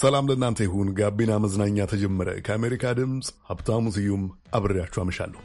ሰላም ለእናንተ ይሁን። ጋቢና መዝናኛ ተጀመረ። ከአሜሪካ ድምፅ ሀብታሙ ስዩም አብሬያችሁ አመሻለሁ።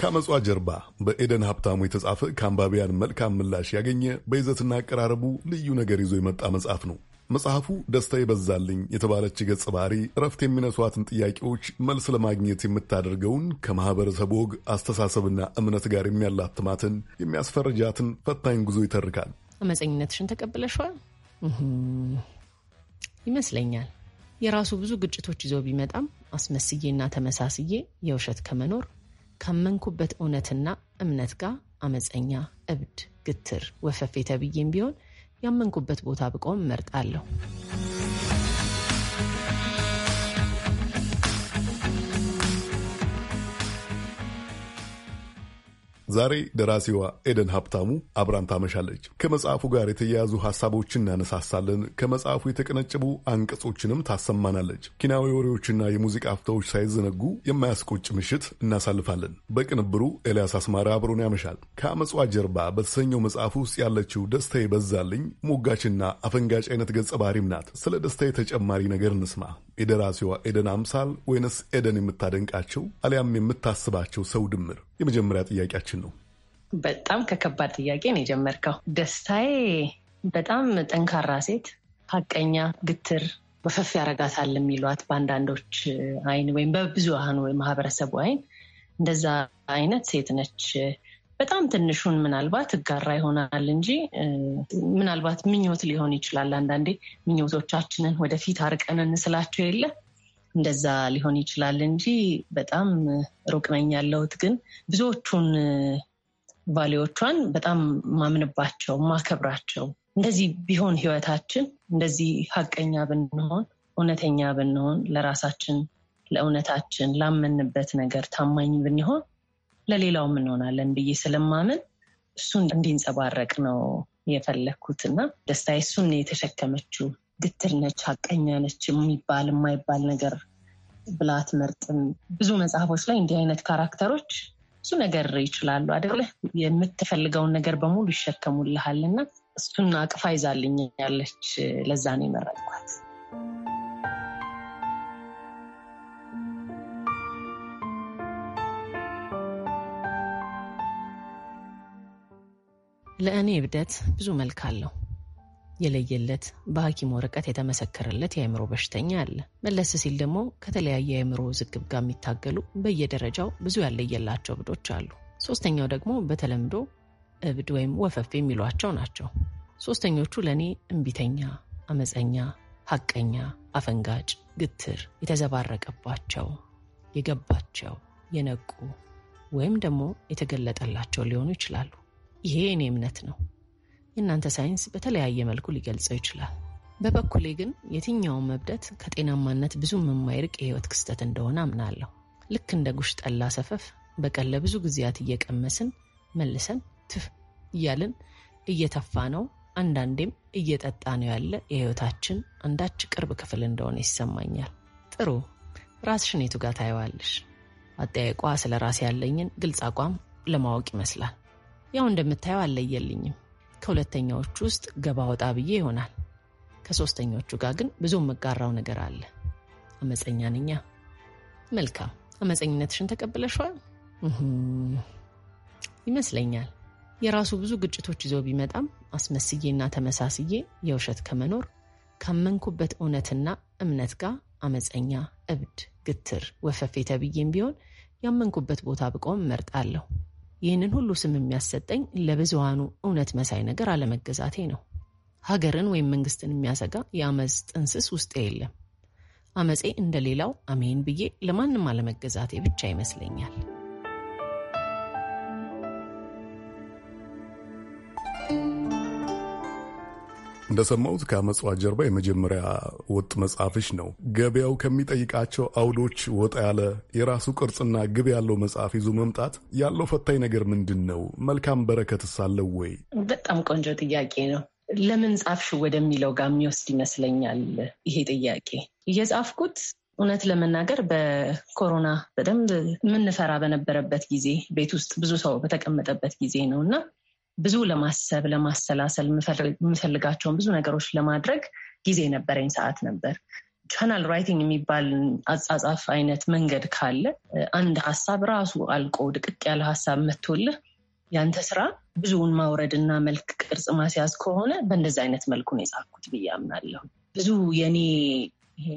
ከመጽዋ ጀርባ በኤደን ሀብታሙ የተጻፈ ከአንባቢያን መልካም ምላሽ ያገኘ በይዘትና አቀራረቡ ልዩ ነገር ይዞ የመጣ መጽሐፍ ነው። መጽሐፉ ደስታ ይበዛልኝ የተባለች ገጸ ባህሪ እረፍት የሚነሷትን ጥያቄዎች መልስ ለማግኘት የምታደርገውን ከማህበረሰብ ወግ አስተሳሰብና እምነት ጋር የሚያላትማትን የሚያስፈርጃትን ፈታኝ ጉዞ ይተርካል። አመፀኝነትሽን ተቀብለሸዋል ይመስለኛል። የራሱ ብዙ ግጭቶች ይዞ ቢመጣም አስመስዬና ተመሳስዬ የውሸት ከመኖር ካመንኩበት እውነትና እምነት ጋር አመፀኛ፣ እብድ፣ ግትር፣ ወፈፌ ተብዬም ቢሆን ያመንኩበት ቦታ ብቆም እመርጣለሁ። ዛሬ ደራሲዋ ኤደን ሀብታሙ አብራን ታመሻለች። ከመጽሐፉ ጋር የተያያዙ ሀሳቦችን እናነሳሳለን። ከመጽሐፉ የተቀነጨቡ አንቀጾችንም ታሰማናለች። ኪናዊ ወሬዎችና የሙዚቃ አፍታዎች ሳይዘነጉ የማያስቆጭ ምሽት እናሳልፋለን። በቅንብሩ ኤልያስ አስማረ አብሮን ያመሻል። ከአመጽዋ ጀርባ በተሰኘው መጽሐፍ ውስጥ ያለችው ደስታ ይበዛልኝ ሞጋችና አፈንጋጭ አይነት ገጸ ባህሪም ናት። ስለ ደስታ የተጨማሪ ነገር እንስማ። የደራሲዋ ኤደን አምሳል ወይንስ ኤደን የምታደንቃቸው አሊያም የምታስባቸው ሰው ድምር የመጀመሪያ ጥያቄያችን ነው። በጣም ከከባድ ጥያቄ ነው የጀመርከው። ደስታዬ በጣም ጠንካራ ሴት፣ ሀቀኛ፣ ግትር በፈፍ ያረጋታል የሚሏት በአንዳንዶች አይን ወይም በብዙሃኑ ማህበረሰቡ አይን እንደዛ አይነት ሴት ነች። በጣም ትንሹን ምናልባት እጋራ ይሆናል እንጂ ምናልባት ምኞት ሊሆን ይችላል። አንዳንዴ ምኞቶቻችንን ወደፊት አርቀን እንስላቸው የለ እንደዛ ሊሆን ይችላል እንጂ በጣም ሩቅ ነኝ ያለሁት። ግን ብዙዎቹን ቫሌዎቿን በጣም ማምንባቸው ማከብራቸው፣ እንደዚህ ቢሆን ህይወታችን፣ እንደዚህ ሀቀኛ ብንሆን፣ እውነተኛ ብንሆን፣ ለራሳችን ለእውነታችን ላመንበት ነገር ታማኝ ብንሆን ለሌላውም እንሆናለን ብዬ ስለማምን እሱን እንዲንጸባረቅ ነው የፈለግኩት እና ደስታ እሱን የተሸከመችው ግትር ነች፣ ሀቀኛ ነች የሚባል የማይባል ነገር ብላ አትመርጥም። ብዙ መጽሐፎች ላይ እንዲህ አይነት ካራክተሮች ብዙ ነገር ይችላሉ አይደለ? የምትፈልገውን ነገር በሙሉ ይሸከሙልሃል እና እሱን አቅፋ ይዛልኝ ያለች ለዛ ነው የመረጥኳት። ለእኔ እብደት ብዙ መልክ አለው። የለየለት በሐኪም ወረቀት የተመሰከረለት የአእምሮ በሽተኛ አለ። መለስ ሲል ደግሞ ከተለያየ የአእምሮ ዝግብ ጋር የሚታገሉ በየደረጃው ብዙ ያለየላቸው እብዶች አሉ። ሶስተኛው ደግሞ በተለምዶ እብድ ወይም ወፈፍ የሚሏቸው ናቸው። ሶስተኞቹ ለእኔ እምቢተኛ፣ አመፀኛ፣ ሐቀኛ፣ አፈንጋጭ፣ ግትር፣ የተዘባረቀባቸው፣ የገባቸው፣ የነቁ ወይም ደግሞ የተገለጠላቸው ሊሆኑ ይችላሉ። ይሄ እኔ እምነት ነው። የእናንተ ሳይንስ በተለያየ መልኩ ሊገልጸው ይችላል። በበኩሌ ግን የትኛውም መብደት ከጤናማነት ብዙም የማይርቅ የህይወት ክስተት እንደሆነ አምናለሁ። ልክ እንደ ጉሽ ጠላ ሰፈፍ በቀን ለብዙ ጊዜያት እየቀመስን መልሰን ትፍ እያልን እየተፋ ነው አንዳንዴም እየጠጣ ነው ያለ የህይወታችን አንዳች ቅርብ ክፍል እንደሆነ ይሰማኛል። ጥሩ ራስሽን የቱ ጋር ታየዋለሽ? አጠያየቋ ስለ ራስ ያለኝን ግልጽ አቋም ለማወቅ ይመስላል። ያው እንደምታየው አለየልኝም። ከሁለተኛዎቹ ውስጥ ገባ ወጣ ብዬ ይሆናል። ከሶስተኞቹ ጋር ግን ብዙ የምጋራው ነገር አለ። አመፀኛ ነኛ። መልካም አመፀኝነትሽን ተቀብለሸዋል ይመስለኛል። የራሱ ብዙ ግጭቶች ይዞ ቢመጣም አስመስዬና ተመሳስዬ የውሸት ከመኖር ካመንኩበት እውነትና እምነት ጋር አመፀኛ፣ እብድ፣ ግትር፣ ወፈፌ ተብዬም ቢሆን ያመንኩበት ቦታ ብቆም እመርጣለሁ። ይህንን ሁሉ ስም የሚያሰጠኝ ለብዙሃኑ እውነት መሳይ ነገር አለመገዛቴ ነው። ሀገርን ወይም መንግስትን የሚያሰጋ የአመፅ ጥንስስ ውስጤ የለም። አመፄ እንደሌላው አሜን ብዬ ለማንም አለመገዛቴ ብቻ ይመስለኛል። እንደሰማሁት ከአመጽዋ ጀርባ የመጀመሪያ ወጥ መጽሐፍሽ ነው። ገበያው ከሚጠይቃቸው አውዶች ወጣ ያለ የራሱ ቅርጽና ግብ ያለው መጽሐፍ ይዞ መምጣት ያለው ፈታኝ ነገር ምንድን ነው? መልካም በረከትስ አለው ወይ? በጣም ቆንጆ ጥያቄ ነው። ለምን ጻፍሽ ወደሚለው ጋር የሚወስድ ይመስለኛል ይሄ ጥያቄ። እየጻፍኩት እውነት ለመናገር በኮሮና በደንብ የምንፈራ በነበረበት ጊዜ ቤት ውስጥ ብዙ ሰው በተቀመጠበት ጊዜ ነው እና ብዙ ለማሰብ ለማሰላሰል የምፈልጋቸውን ብዙ ነገሮች ለማድረግ ጊዜ ነበረኝ፣ ሰዓት ነበር። ቻናል ራይቲንግ የሚባል አጻጻፍ አይነት መንገድ ካለ አንድ ሀሳብ ራሱ አልቆ ድቅቅ ያለ ሀሳብ መቶልህ ያንተ ስራ ብዙውን ማውረድ እና መልክ ቅርጽ ማስያዝ ከሆነ በእንደዚ አይነት መልኩ ነው የጻፍኩት ብዬ አምናለሁ። ብዙ የኔ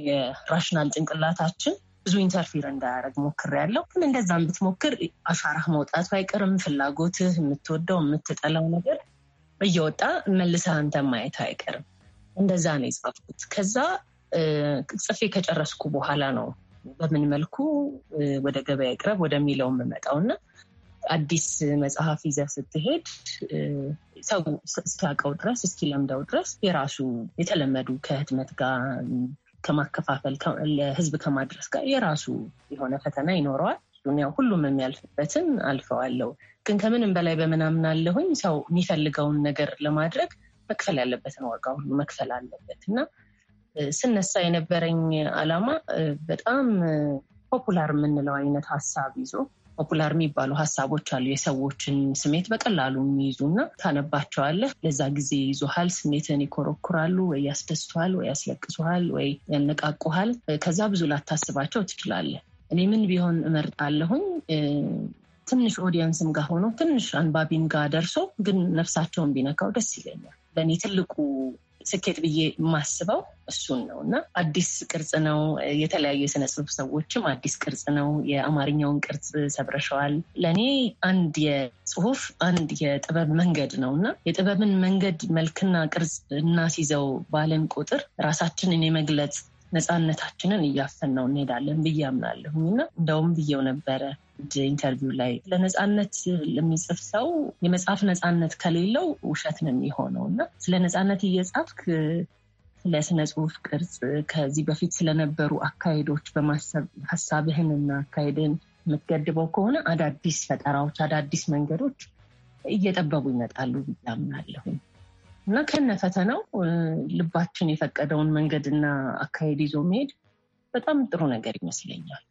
የራሽናል ጭንቅላታችን ብዙ ኢንተርፊር እንዳያደረግ ሞክር ያለው ግን እንደዛ ብትሞክር አሻራህ መውጣቱ አይቀርም። ፍላጎትህ፣ የምትወደው የምትጠላው ነገር እየወጣ መልሰህ አንተ ማየት አይቀርም። እንደዛ ነው የጻፍኩት። ከዛ ጽፌ ከጨረስኩ በኋላ ነው በምን መልኩ ወደ ገበያ ይቅረብ ወደሚለው የምመጣው እና አዲስ መጽሐፍ ይዘህ ስትሄድ ሰው እስኪያውቀው ድረስ እስኪለምደው ድረስ የራሱ የተለመዱ ከህትመት ጋር ከማከፋፈል ለህዝብ ከማድረስ ጋር የራሱ የሆነ ፈተና ይኖረዋል። ያው ሁሉም የሚያልፍበትን አልፈዋለው። ግን ከምንም በላይ በምናምን አለሁኝ ሰው የሚፈልገውን ነገር ለማድረግ መክፈል ያለበትን ዋጋ ሁሉ መክፈል አለበት እና ስነሳ የነበረኝ አላማ በጣም ፖፑላር የምንለው አይነት ሀሳብ ይዞ ፖፑላር የሚባሉ ሀሳቦች አሉ። የሰዎችን ስሜት በቀላሉ እና ታነባቸዋለህ። ለዛ ጊዜ ይዞሃል፣ ስሜትን ይኮረኩራሉ። ወይ ያስደስቷል፣ ወይ ያስለቅሱሃል፣ ወይ ያነቃቁሃል። ከዛ ብዙ ላታስባቸው ትችላለህ። እኔ ምን ቢሆን እመርጣለሁኝ? ትንሽ ኦዲየንስም ጋር ሆኖ ትንሽ አንባቢም ጋር ደርሶ ግን ነፍሳቸውን ቢነካው ደስ ይለኛል። ለእኔ ትልቁ ስኬት ብዬ ማስበው እሱን ነው እና አዲስ ቅርጽ ነው። የተለያዩ የስነ ጽሁፍ ሰዎችም አዲስ ቅርጽ ነው፣ የአማርኛውን ቅርጽ ሰብረሸዋል። ለእኔ አንድ የጽሁፍ አንድ የጥበብ መንገድ ነው እና የጥበብን መንገድ መልክና ቅርጽ እናስይዘው ባለን ቁጥር ራሳችንን የመግለጽ ነፃነታችንን እያፈን ነው እንሄዳለን ብዬ አምናለሁኝ እና እንደውም ብዬው ነበረ ኢንተርቪው ላይ ለነፃነት ለሚጽፍ ሰው የመጽሐፍ ነፃነት ከሌለው ውሸት ነው የሚሆነው እና ስለ ነፃነት እየጻፍክ ስለ ስነ ጽሁፍ ቅርጽ ከዚህ በፊት ስለነበሩ አካሄዶች በማሰብ ሀሳብህንና አካሄድህን የምትገድበው ከሆነ አዳዲስ ፈጠራዎች፣ አዳዲስ መንገዶች እየጠበቡ ይመጣሉ ብዬ አምናለሁ እና ከነ ፈተናው ልባችን የፈቀደውን መንገድና አካሄድ ይዞ መሄድ በጣም ጥሩ ነገር ይመስለኛል።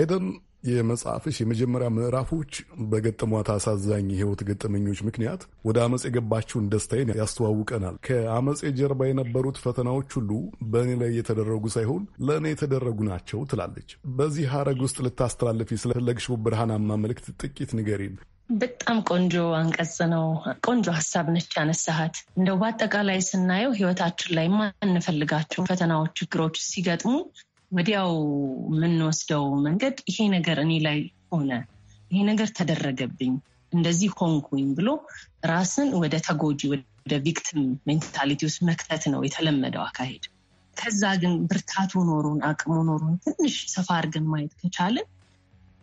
ኤደን የመጽሐፍሽ የመጀመሪያ ምዕራፎች በገጠሟት አሳዛኝ የህይወት ገጠመኞች ምክንያት ወደ አመፅ የገባችውን ደስታዬን ያስተዋውቀናል። ከአመፅ ጀርባ የነበሩት ፈተናዎች ሁሉ በእኔ ላይ የተደረጉ ሳይሆን ለእኔ የተደረጉ ናቸው ትላለች። በዚህ ሀረግ ውስጥ ልታስተላልፊ ስለፈለግሽው ብርሃናማ መልእክት ጥቂት ንገሪን። በጣም ቆንጆ አንቀጽ ነው። ቆንጆ ሀሳብ ነች ያነሳሃት። እንደው በአጠቃላይ ስናየው ህይወታችን ላይ ማንፈልጋቸው ፈተናዎች፣ ችግሮች ሲገጥሙ ወዲያው የምንወስደው መንገድ ይሄ ነገር እኔ ላይ ሆነ፣ ይሄ ነገር ተደረገብኝ፣ እንደዚህ ሆንኩኝ ብሎ ራስን ወደ ተጎጂ ወደ ቪክቲም ሜንታሊቲ ውስጥ መክተት ነው የተለመደው አካሄድ። ከዛ ግን ብርታቱ ኖሩን አቅሙ ኖሩን ትንሽ ሰፋ አድርገን ማየት ከቻለን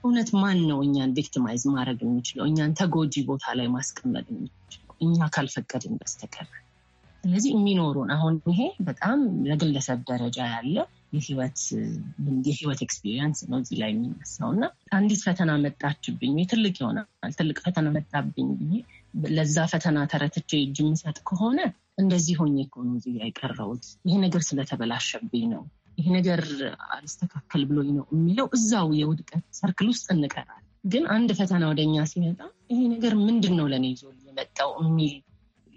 እውነት ማን ነው እኛን ቪክቲማይዝ ማድረግ የሚችለው እኛን ተጎጂ ቦታ ላይ ማስቀመጥ የሚችለው እኛ ካልፈቀድን በስተቀር ስለዚህ የሚኖሩን አሁን ይሄ በጣም ለግለሰብ ደረጃ ያለ የህይወት ኤክስፒሪየንስ ነው እዚህ ላይ የሚነሳው እና አንዲት ፈተና መጣችብኝ ትልቅ ይሆናል። ትልቅ ፈተና መጣብኝ ብዬ ለዛ ፈተና ተረትቼ እጅ የምሰጥ ከሆነ እንደዚህ ሆኜ እኮ ነው እዚህ ላይ ይሄ ነገር ስለተበላሸብኝ ነው፣ ይሄ ነገር አልስተካከል ብሎኝ ነው የሚለው እዛው የውድቀት ሰርክል ውስጥ እንቀራል። ግን አንድ ፈተና ወደኛ ሲመጣ ይሄ ነገር ምንድን ነው ለእኔ ይዞ የመጣው የሚል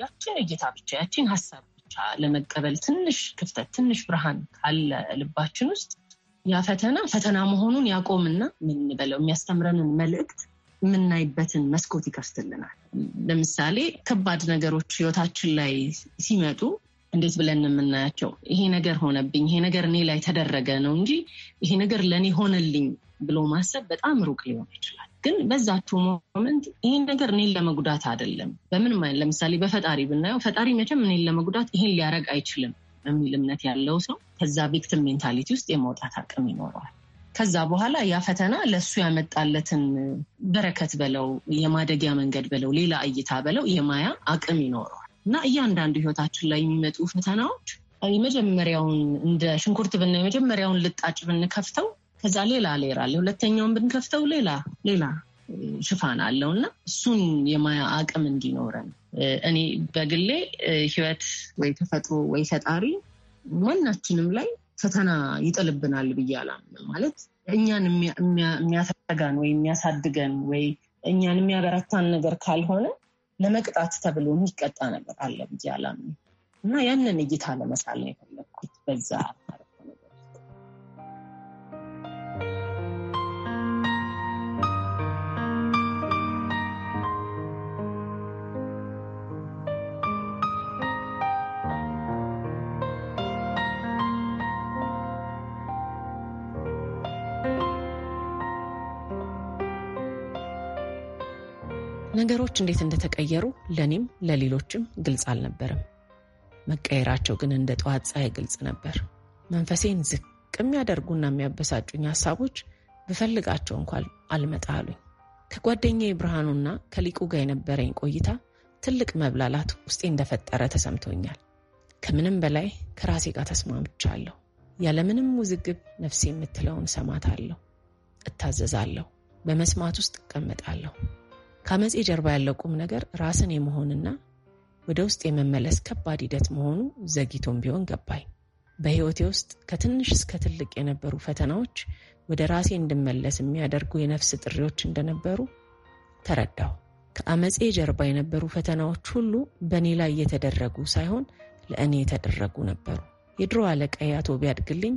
ያችን እይታ ብቻ ያችን ሀሳብ ብቻ ለመቀበል ትንሽ ክፍተት ትንሽ ብርሃን ካለ ልባችን ውስጥ ያ ፈተና ፈተና መሆኑን ያቆምና ምን በለው የሚያስተምረንን መልእክት የምናይበትን መስኮት ይከፍትልናል። ለምሳሌ ከባድ ነገሮች ህይወታችን ላይ ሲመጡ እንዴት ብለን የምናያቸው ይሄ ነገር ሆነብኝ፣ ይሄ ነገር እኔ ላይ ተደረገ ነው እንጂ ይሄ ነገር ለእኔ ሆነልኝ ብሎ ማሰብ በጣም ሩቅ ሊሆን ይችላል። ግን በዛችሁ ሞመንት ይህን ነገር እኔን ለመጉዳት አይደለም በምን ማለት ለምሳሌ በፈጣሪ ብናየው ፈጣሪ መቼም እኔን ለመጉዳት ይህን ሊያደርግ አይችልም የሚል እምነት ያለው ሰው ከዛ ቪክቲም ሜንታሊቲ ውስጥ የመውጣት አቅም ይኖረዋል። ከዛ በኋላ ያ ፈተና ለእሱ ያመጣለትን በረከት በለው የማደጊያ መንገድ በለው ሌላ እይታ በለው የማያ አቅም ይኖረዋል እና እያንዳንዱ ህይወታችን ላይ የሚመጡ ፈተናዎች የመጀመሪያውን እንደ ሽንኩርት ብና የመጀመሪያውን ልጣጭ ብንከፍተው ከዛ ሌላ አለ። ሁለተኛውን ብንከፍተው ሌላ ሌላ ሽፋን አለው እና እሱን የማያ አቅም እንዲኖረን እኔ በግሌ ህይወት ወይ ተፈጥሮ ወይ ፈጣሪ ማናችንም ላይ ፈተና ይጥልብናል ብዬ አላምን። ማለት እኛን የሚያሰጋን ወይ የሚያሳድገን ወይ እኛን የሚያበረታን ነገር ካልሆነ ለመቅጣት ተብሎ የሚቀጣ ነገር አለ ብዬ አላምን እና ያንን እይታ ለመሳል ነው የፈለግኩት በዛ ነገሮች እንዴት እንደተቀየሩ ለእኔም ለሌሎችም ግልጽ አልነበርም። መቀየራቸው ግን እንደ ጠዋት ፀሐይ ግልጽ ነበር። መንፈሴን ዝቅ የሚያደርጉና የሚያበሳጩኝ ሀሳቦች ብፈልጋቸው እንኳን አልመጣሉኝ። ከጓደኛዬ ብርሃኑና ከሊቁ ጋር የነበረኝ ቆይታ ትልቅ መብላላት ውስጤ እንደፈጠረ ተሰምቶኛል። ከምንም በላይ ከራሴ ጋር ተስማምቻለሁ። ያለምንም ውዝግብ ነፍሴ የምትለውን ሰማታለሁ፣ እታዘዛለሁ፣ በመስማት ውስጥ እቀመጣለሁ። ከአመፄ ጀርባ ያለው ቁም ነገር ራስን የመሆንና ወደ ውስጥ የመመለስ ከባድ ሂደት መሆኑ ዘግይቶም ቢሆን ገባኝ። በሕይወቴ ውስጥ ከትንሽ እስከ ትልቅ የነበሩ ፈተናዎች ወደ ራሴ እንድመለስ የሚያደርጉ የነፍስ ጥሪዎች እንደነበሩ ተረዳሁ። ከአመፄ ጀርባ የነበሩ ፈተናዎች ሁሉ በእኔ ላይ የተደረጉ ሳይሆን ለእኔ የተደረጉ ነበሩ። የድሮ አለቃዬ አቶ ቢያድግልኝ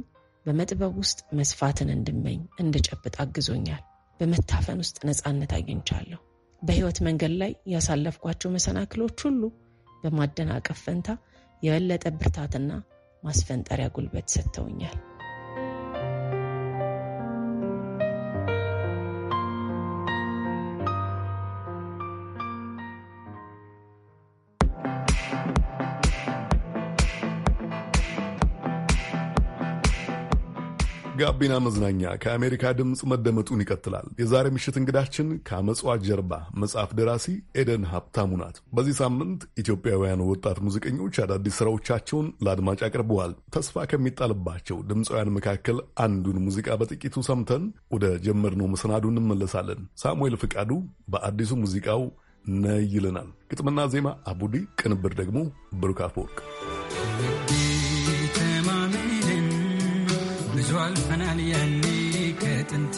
በመጥበብ ውስጥ መስፋትን እንድመኝ እንድጨብጥ አግዞኛል። በመታፈን ውስጥ ነፃነት አግኝቻለሁ። በህይወት መንገድ ላይ ያሳለፍኳቸው መሰናክሎች ሁሉ በማደናቀፍ ፈንታ የበለጠ ብርታትና ማስፈንጠሪያ ጉልበት ሰጥተውኛል። ጋቢና መዝናኛ ከአሜሪካ ድምፅ መደመጡን ይቀጥላል። የዛሬ ምሽት እንግዳችን ከአመጽዋት ጀርባ መጽሐፍ ደራሲ ኤደን ሀብታሙ ናት። በዚህ ሳምንት ኢትዮጵያውያን ወጣት ሙዚቀኞች አዳዲስ ስራዎቻቸውን ለአድማጭ አቅርበዋል። ተስፋ ከሚጣልባቸው ድምፃውያን መካከል አንዱን ሙዚቃ በጥቂቱ ሰምተን ወደ ጀመርነው መሰናዱ እንመለሳለን። ሳሙኤል ፍቃዱ በአዲሱ ሙዚቃው ነይ ይለናል። ግጥምና ዜማ አቡዲ፣ ቅንብር ደግሞ ብሩክ አፈወርቅ ብዙ አልፈናል ያኔ ከጥንት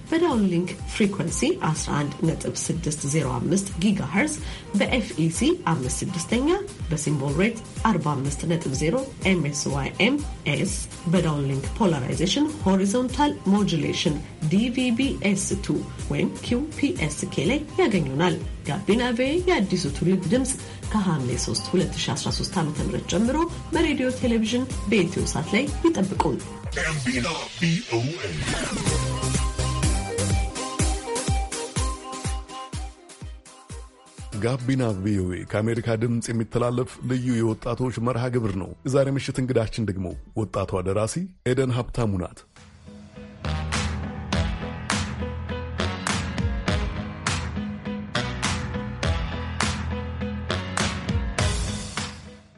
በዳውን ሊንክ ፍሪኩንሲ 11605 ጊጋሃርዝ በኤፍኢሲ 56ኛ በሲምቦል ሬት 450 ኤስ በዳውን ሊንክ ፖላራይዜሽን ሆሪዞንታል ሞጁሌሽን ዲቪቢኤስ2 ወይም ኪውፒኤስኬ ላይ ያገኙናል። ጋቢና ቬ የአዲሱ ትውልድ ድምፅ ከሐምሌ 3 2013 ዓ ም ጀምሮ በሬዲዮ ቴሌቪዥን በኢትዮ ሳት ላይ ይጠብቁን። ጋቢና ቪኦኤ ከአሜሪካ ድምፅ የሚተላለፍ ልዩ የወጣቶች መርሃ ግብር ነው። የዛሬ ምሽት እንግዳችን ደግሞ ወጣቷ ደራሲ ኤደን ሀብታሙ ናት።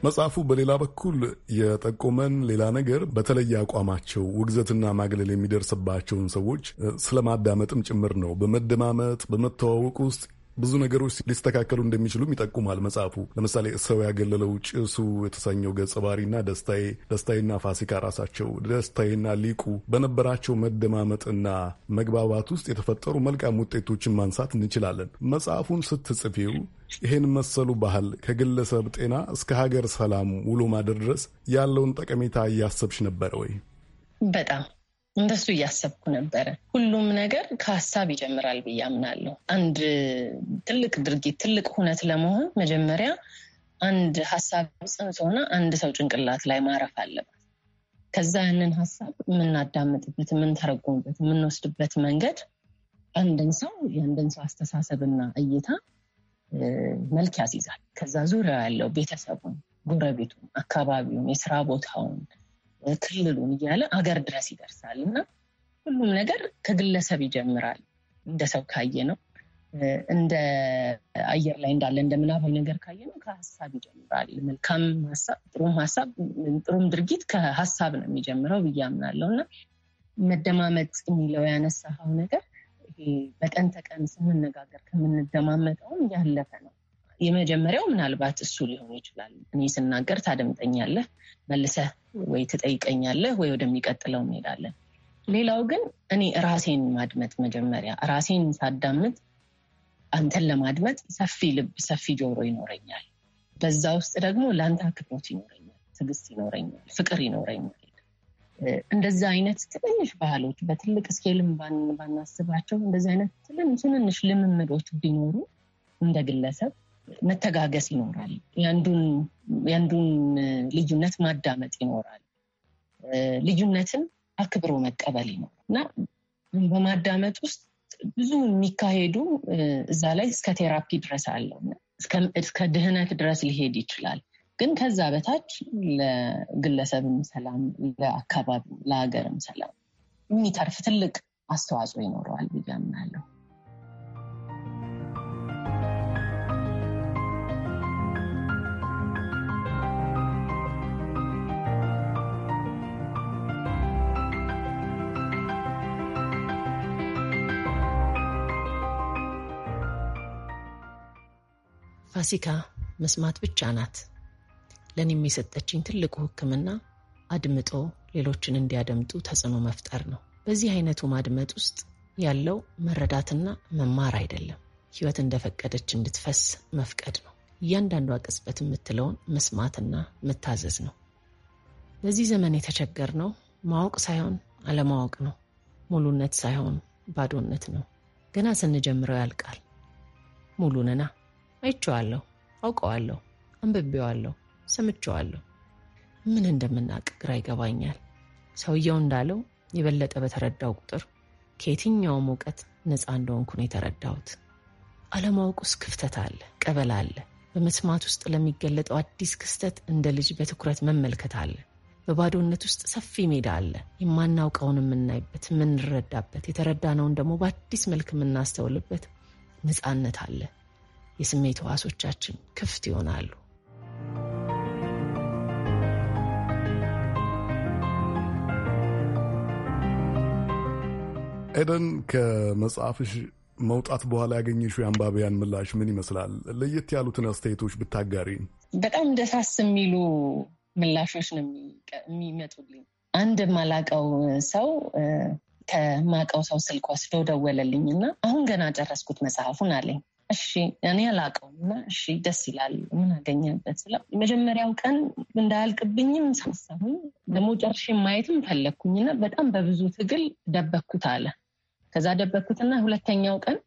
መጽሐፉ በሌላ በኩል የጠቆመን ሌላ ነገር በተለየ አቋማቸው ውግዘትና ማግለል የሚደርስባቸውን ሰዎች ስለማዳመጥም ጭምር ነው። በመደማመጥ በመተዋወቅ ውስጥ ብዙ ነገሮች ሊስተካከሉ እንደሚችሉም ይጠቁማል መጽሐፉ። ለምሳሌ ሰው ያገለለው ጭሱ የተሰኘው ገጸ ባህሪና ደስታዬ ደስታዬና ፋሲካ ራሳቸው ደስታዬና ሊቁ በነበራቸው መደማመጥና መግባባት ውስጥ የተፈጠሩ መልካም ውጤቶችን ማንሳት እንችላለን። መጽሐፉን ስትጽፊው ይህን መሰሉ ባህል ከግለሰብ ጤና እስከ ሀገር ሰላም ውሎ ማደር ድረስ ያለውን ጠቀሜታ እያሰብሽ ነበረ ወይ? በጣም እንደሱ እያሰብኩ ነበረ። ሁሉም ነገር ከሀሳብ ይጀምራል ብዬ አምናለሁ። አንድ ትልቅ ድርጊት፣ ትልቅ ሁነት ለመሆን መጀመሪያ አንድ ሀሳብ ጽንስ ሆነ አንድ ሰው ጭንቅላት ላይ ማረፍ አለበት። ከዛ ያንን ሀሳብ የምናዳምጥበት፣ የምንተረጉምበት፣ የምንወስድበት መንገድ አንድን ሰው የአንድን ሰው አስተሳሰብና እይታ መልክ ያስይዛል። ከዛ ዙሪያ ያለው ቤተሰቡን፣ ጎረቤቱን፣ አካባቢውን፣ የስራ ቦታውን ክልሉን እያለ አገር ድረስ ይደርሳል እና ሁሉም ነገር ከግለሰብ ይጀምራል። እንደ ሰው ካየ ነው እንደ አየር ላይ እንዳለ እንደ ምናባዊ ነገር ካየ ነው ከሀሳብ ይጀምራል። መልካም ሀሳብ፣ ጥሩም ሀሳብ፣ ጥሩም ድርጊት ከሀሳብ ነው የሚጀምረው ብዬ አምናለሁ እና መደማመጥ የሚለው ያነሳኸው ነገር ይሄ በቀን ተቀን ስንነጋገር ከምንደማመጠውም ያለፈ ነው። የመጀመሪያው ምናልባት እሱ ሊሆን ይችላል። እኔ ስናገር ታደምጠኛለህ፣ መልሰህ ወይ ትጠይቀኛለህ፣ ወይ ወደሚቀጥለው እንሄዳለን። ሌላው ግን እኔ ራሴን ማድመጥ መጀመሪያ ራሴን ሳዳምጥ አንተን ለማድመጥ ሰፊ ልብ፣ ሰፊ ጆሮ ይኖረኛል። በዛ ውስጥ ደግሞ ለአንተ አክብሮት ይኖረኛል፣ ትዕግስት ይኖረኛል፣ ፍቅር ይኖረኛል። እንደዛ አይነት ትንንሽ ባህሎች በትልቅ ስኬልም ባናስባቸው እንደዚ አይነት ትንንሽ ልምምዶች ቢኖሩ እንደ ግለሰብ መተጋገስ ይኖራል። የአንዱን ልዩነት ማዳመጥ ይኖራል። ልዩነትን አክብሮ መቀበል ይኖራል እና በማዳመጥ ውስጥ ብዙ የሚካሄዱ እዛ ላይ እስከ ቴራፒ ድረስ አለው እስከ ድህነት ድረስ ሊሄድ ይችላል። ግን ከዛ በታች ለግለሰብም ሰላም፣ ለአካባቢ፣ ለሀገርም ሰላም የሚተርፍ ትልቅ አስተዋጽኦ ይኖረዋል ብዬ አምናለሁ። ፋሲካ መስማት ብቻ ናት። ለእኔም የሰጠችኝ ትልቁ ሕክምና አድምጦ ሌሎችን እንዲያደምጡ ተጽዕኖ መፍጠር ነው። በዚህ አይነቱ ማድመጥ ውስጥ ያለው መረዳትና መማር አይደለም፣ ህይወት እንደፈቀደች እንድትፈስ መፍቀድ ነው። እያንዳንዷ ቅጽበት የምትለውን መስማትና መታዘዝ ነው። በዚህ ዘመን የተቸገርነው ማወቅ ሳይሆን አለማወቅ ነው። ሙሉነት ሳይሆን ባዶነት ነው። ገና ስንጀምረው ያልቃል። ሙሉንና አይቼዋለሁ፣ አውቀዋለሁ፣ አንብቤዋለሁ፣ ሰምቼዋለሁ። ምን እንደምናውቅ ግራ ይገባኛል። ሰውየው እንዳለው የበለጠ በተረዳው ቁጥር ከየትኛውም እውቀት ነፃ እንደሆንኩ ነው የተረዳሁት። አለማወቅ ውስጥ ክፍተት አለ፣ ቀበላ አለ። በመስማት ውስጥ ለሚገለጠው አዲስ ክስተት እንደ ልጅ በትኩረት መመልከት አለ። በባዶነት ውስጥ ሰፊ ሜዳ አለ። የማናውቀውን የምናይበት፣ የምንረዳበት፣ የተረዳነውን ደግሞ በአዲስ መልክ የምናስተውልበት ነፃነት አለ። የስሜት ህዋሶቻችን ክፍት ይሆናሉ። ኤደን ከመጽሐፍሽ መውጣት በኋላ ያገኘሽው የአንባቢያን ምላሽ ምን ይመስላል? ለየት ያሉትን አስተያየቶች ብታጋሪ። በጣም ደሳስ የሚሉ ምላሾች ነው የሚመጡልኝ። አንድ የማላቀው ሰው ከማቀው ሰው ስልክ ወስዶ ደወለልኝ እና አሁን ገና ጨረስኩት መጽሐፉን አለኝ። እሺ እኔ አላውቀውም እና እሺ ደስ ይላል ምን አገኘበት ስለው የመጀመሪያው ቀን እንዳያልቅብኝም ሳሳሁኝ ደግሞ ጨርሼ ማየትም ፈለግኩኝ ፈለግኩኝና በጣም በብዙ ትግል ደበኩት አለ። ከዛ ደበኩትና ሁለተኛው ቀን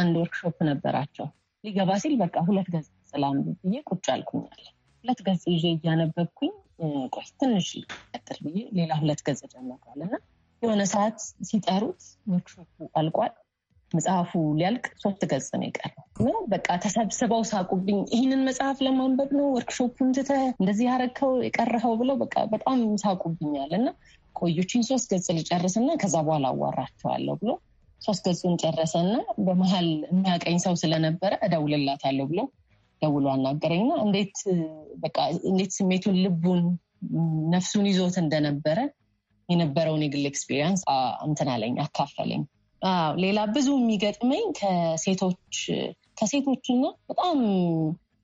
አንድ ወርክሾፕ ነበራቸው። ሊገባ ሲል በቃ ሁለት ገጽ ስላም ብዬ ቁጭ አልኩኛል። ሁለት ገጽ ይዤ እያነበብኩኝ ቆይ ትንሽ ቀጥር ብዬ ሌላ ሁለት ገጽ ጀመረዋል እና የሆነ ሰዓት ሲጠሩት ወርክሾፑ አልቋል። መጽሐፉ ሊያልቅ ሶስት ገጽ ነው የቀረው። በቃ ተሰብስበው ሳቁብኝ። ይህንን መጽሐፍ ለማንበብ ነው ወርክሾፑን ትተህ እንደዚህ ያረከው የቀረኸው ብለው በቃ በጣም ሳቁብኛል እና ቆዮችን ሶስት ገጽ ልጨርስና ከዛ በኋላ አዋራቸዋለሁ ብሎ ሶስት ገጹን ጨረሰና በመሀል የሚያቀኝ ሰው ስለነበረ እደውልላታለሁ ብሎ ደውሎ አናገረኝና እንዴት በቃ እንዴት ስሜቱን ልቡን ነፍሱን ይዞት እንደነበረ የነበረውን የግል ኤክስፒሪየንስ እንትን አለኝ አካፈለኝ። ሌላ ብዙ የሚገጥመኝ ከሴቶች ከሴቶችና በጣም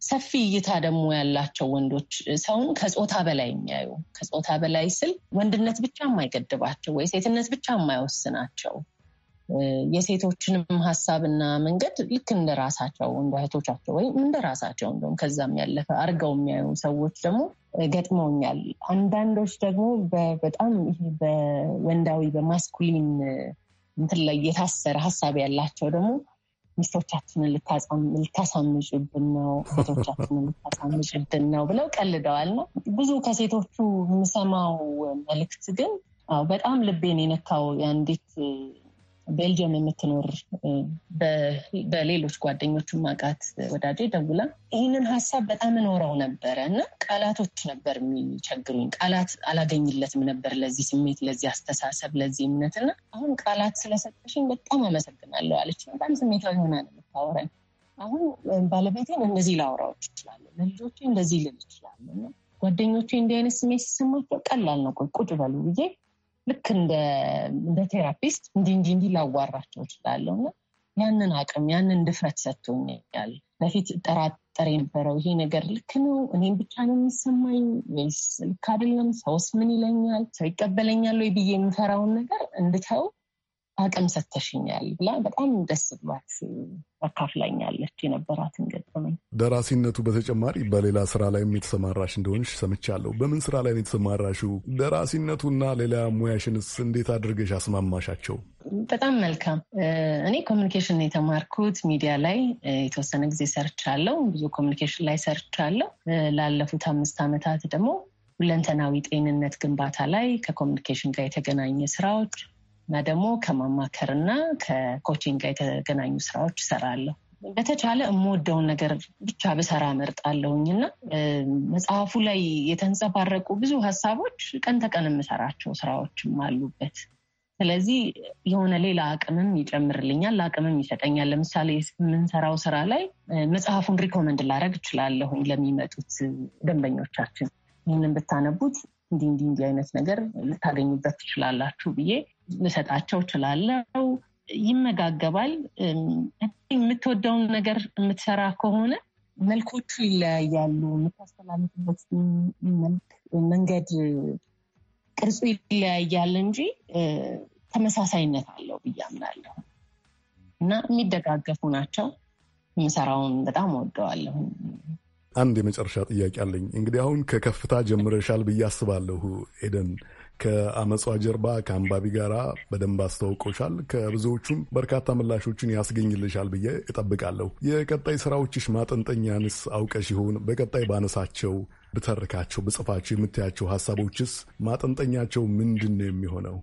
ሰፊ እይታ ደግሞ ያላቸው ወንዶች ሰውን ከጾታ በላይ የሚያዩ ከጾታ በላይ ስል ወንድነት ብቻ የማይገድባቸው ወይ ሴትነት ብቻ የማይወስናቸው የሴቶችንም ሀሳብና መንገድ ልክ እንደ ራሳቸው እንደ እህቶቻቸው ወይም እንደ ራሳቸው እንደውም ከዛም ያለፈ አድርገው የሚያዩ ሰዎች ደግሞ ገጥመውኛል። አንዳንዶች ደግሞ በጣም በወንዳዊ በማስኩሊን እንትን ላይ የታሰረ ሀሳብ ያላቸው ደግሞ ሚስቶቻችንን ልታሳምጭብን ነው፣ እህቶቻችንን ልታሳምጭብን ነው ብለው ቀልደዋል። ነው ብዙ ከሴቶቹ የምሰማው መልእክት ግን በጣም ልቤን የነካው የአንዲት ቤልጅየም የምትኖር በሌሎች ጓደኞቹ ማቃት ወዳጄ ደውላ ይህንን ሀሳብ በጣም እኖረው ነበረ እና ቃላቶች ነበር የሚቸግሩኝ። ቃላት አላገኝለትም ነበር ለዚህ ስሜት፣ ለዚህ አስተሳሰብ፣ ለዚህ እምነት እና አሁን ቃላት ስለሰጠሽኝ በጣም አመሰግናለሁ አለች። በጣም ስሜታዊ ሆና ነው የምታወራኝ። አሁን ባለቤቴን እንደዚህ ላውራዎች እችላለሁ፣ ለልጆቼ እንደዚህ ልል እችላለሁ። ጓደኞቼ እንዲህ አይነት ስሜት ሲሰማቸው ቀላል ነው፣ ቁጭ በሉ ብዬ ልክ እንደ ቴራፒስት እንዲ እንዲ እንዲ ላዋራቸው እችላለሁ እና ያንን አቅም ያንን ድፍረት ሰጥቶኛል። በፊት ጠራጠር የነበረው ይሄ ነገር ልክ ነው፣ እኔም ብቻ ነው የሚሰማኝ ወይስ ልክ አይደለም፣ ሰውስ ምን ይለኛል፣ ሰው ይቀበለኛል ወይ ብዬ የምፈራውን ነገር እንድተው አቅም ሰተሽኛል ብላ በጣም ደስ ብሏት አካፍላኛለች የነበራትን ገጠመኝ። ደራሲነቱ በተጨማሪ በሌላ ስራ ላይም የተሰማራሽ እንደሆንሽ ሰምቻለሁ። በምን ስራ ላይ የተሰማራሽው? ደራሲነቱና ሌላ ሙያሽንስ እንዴት አድርገሽ አስማማሻቸው? በጣም መልካም። እኔ ኮሚኒኬሽን የተማርኩት ሚዲያ ላይ የተወሰነ ጊዜ ሰርቻለሁ። ብዙ ኮሚኒኬሽን ላይ ሰርቻለሁ። ላለፉት አምስት ዓመታት ደግሞ ሁለንተናዊ ጤንነት ግንባታ ላይ ከኮሚኒኬሽን ጋር የተገናኘ ስራዎች እና ደግሞ ከማማከር እና ከኮቺንግ ጋር የተገናኙ ስራዎች እሰራለሁ። በተቻለ የምወደውን ነገር ብቻ ብሰራ እመርጣለሁኝ እና መጽሐፉ ላይ የተንጸባረቁ ብዙ ሀሳቦች ቀን ተቀን የምሰራቸው ስራዎችም አሉበት። ስለዚህ የሆነ ሌላ አቅምም ይጨምርልኛል፣ አቅምም ይሰጠኛል። ለምሳሌ የምንሰራው ስራ ላይ መጽሐፉን ሪኮመንድ ላደርግ እችላለሁኝ ለሚመጡት ደንበኞቻችን ይህንን ብታነቡት እንዲህ እንዲህ እንዲህ አይነት ነገር ልታገኙበት ትችላላችሁ ብዬ ልሰጣቸው እችላለሁ። ይመጋገባል። የምትወደውን ነገር የምትሰራ ከሆነ መልኮቹ ይለያያሉ። የምታስተላልፍበት መንገድ ቅርጹ ይለያያል እንጂ ተመሳሳይነት አለው ብዬ አምናለሁ እና የሚደጋገፉ ናቸው። የምሰራውን በጣም ወደዋለሁ። አንድ የመጨረሻ ጥያቄ አለኝ። እንግዲህ አሁን ከከፍታ ጀምረሻል ብዬ አስባለሁ ኤደን ከአመጿ ጀርባ ከአንባቢ ጋራ በደንብ አስተዋውቆሻል። ከብዙዎቹም በርካታ ምላሾችን ያስገኝልሻል ብዬ እጠብቃለሁ። የቀጣይ ስራዎችሽ ማጠንጠኛንስ አውቀሽ ይሆን? በቀጣይ ባነሳቸው፣ ብተርካቸው፣ ብጽፋቸው የምታያቸው ሀሳቦችስ ማጠንጠኛቸው ምንድን ነው የሚሆነው?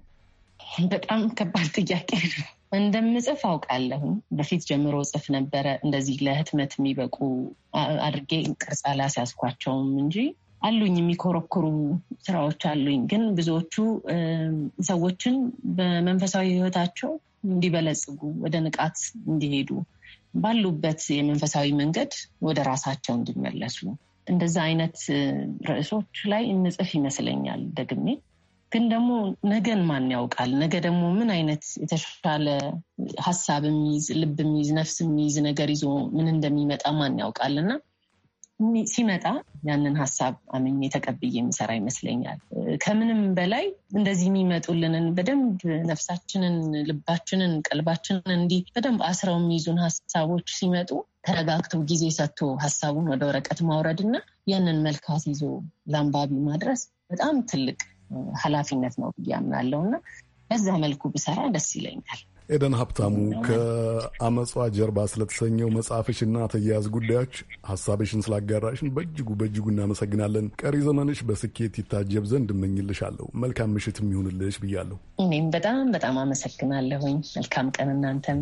በጣም ከባድ ጥያቄ ነው። እንደምጽፍ አውቃለሁ። በፊት ጀምሮ ጽፍ ነበረ። እንደዚህ ለህትመት የሚበቁ አድርጌ ቅርጽ አላስያዝኳቸውም እንጂ አሉኝ የሚኮረኩሩ ስራዎች አሉኝ። ግን ብዙዎቹ ሰዎችን በመንፈሳዊ ህይወታቸው እንዲበለጽጉ ወደ ንቃት እንዲሄዱ ባሉበት የመንፈሳዊ መንገድ ወደ ራሳቸው እንዲመለሱ እንደዛ አይነት ርዕሶች ላይ እንጽፍ ይመስለኛል ደግሜ ግን ደግሞ ነገን ማን ያውቃል? ነገ ደግሞ ምን አይነት የተሻለ ሀሳብ የሚይዝ ልብ የሚይዝ ነፍስ የሚይዝ ነገር ይዞ ምን እንደሚመጣ ማን ያውቃል እና ሲመጣ ያንን ሀሳብ አምኜ ተቀብዬ የሚሰራ ይመስለኛል። ከምንም በላይ እንደዚህ የሚመጡልንን በደንብ ነፍሳችንን፣ ልባችንን፣ ቀልባችንን እንዲህ በደንብ አስረው የሚይዙን ሀሳቦች ሲመጡ ተረጋግቶ ጊዜ ሰጥቶ ሀሳቡን ወደ ወረቀት ማውረድ እና ያንን መልካት ይዞ ለአንባቢ ማድረስ በጣም ትልቅ ኃላፊነት ነው ብዬ አምናለሁ እና በዛ መልኩ ብሰራ ደስ ይለኛል። ኤደን ሀብታሙ ከአመፅዋ ጀርባ ስለተሰኘው መጽሐፍሽና ተያያዝ ጉዳዮች ሀሳብሽን ስላጋራሽን በእጅጉ በእጅጉ እናመሰግናለን። ቀሪ ዘመንሽ በስኬት ይታጀብ ዘንድ እመኝልሻለሁ። መልካም ምሽት የሚሆንልሽ ብያለሁ። እኔም በጣም በጣም አመሰግናለሁኝ። መልካም ቀን እናንተም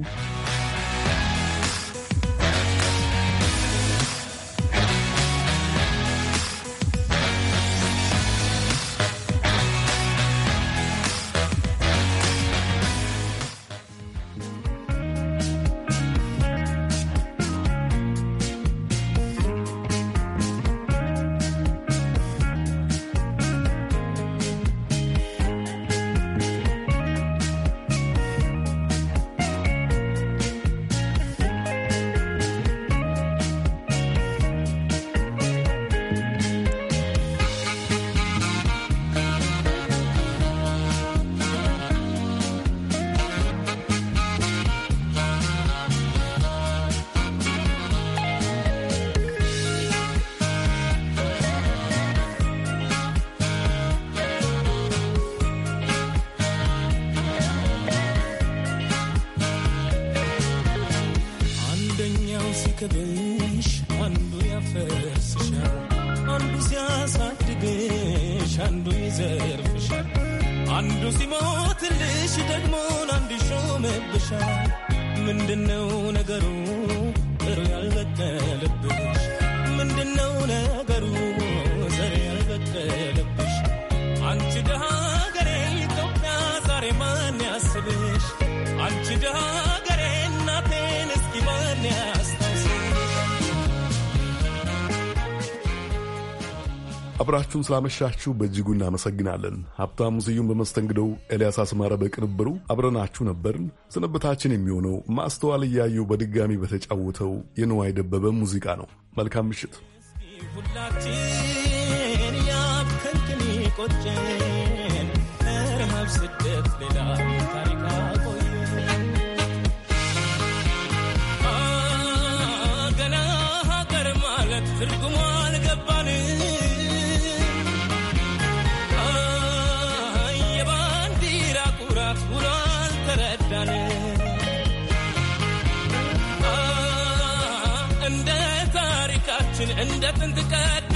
አብራችሁን ስላመሻችሁ በእጅጉ እናመሰግናለን። ሀብታሙ ስዩም በመስተንግደው፣ ኤልያስ አስማረ በቅንብሩ አብረናችሁ ነበርን። ስንብታችን የሚሆነው ማስተዋል እያዩ በድጋሚ በተጫወተው የንዋይ ደበበ ሙዚቃ ነው። መልካም ምሽት ሁላችን ቆጨን ረሃብ ስደት ሌላ ታሪካ ገና ሀገር ማለት ትርጉሙ ተረዳን እንደ ታሪካችን እንደ ጥንት ቀድ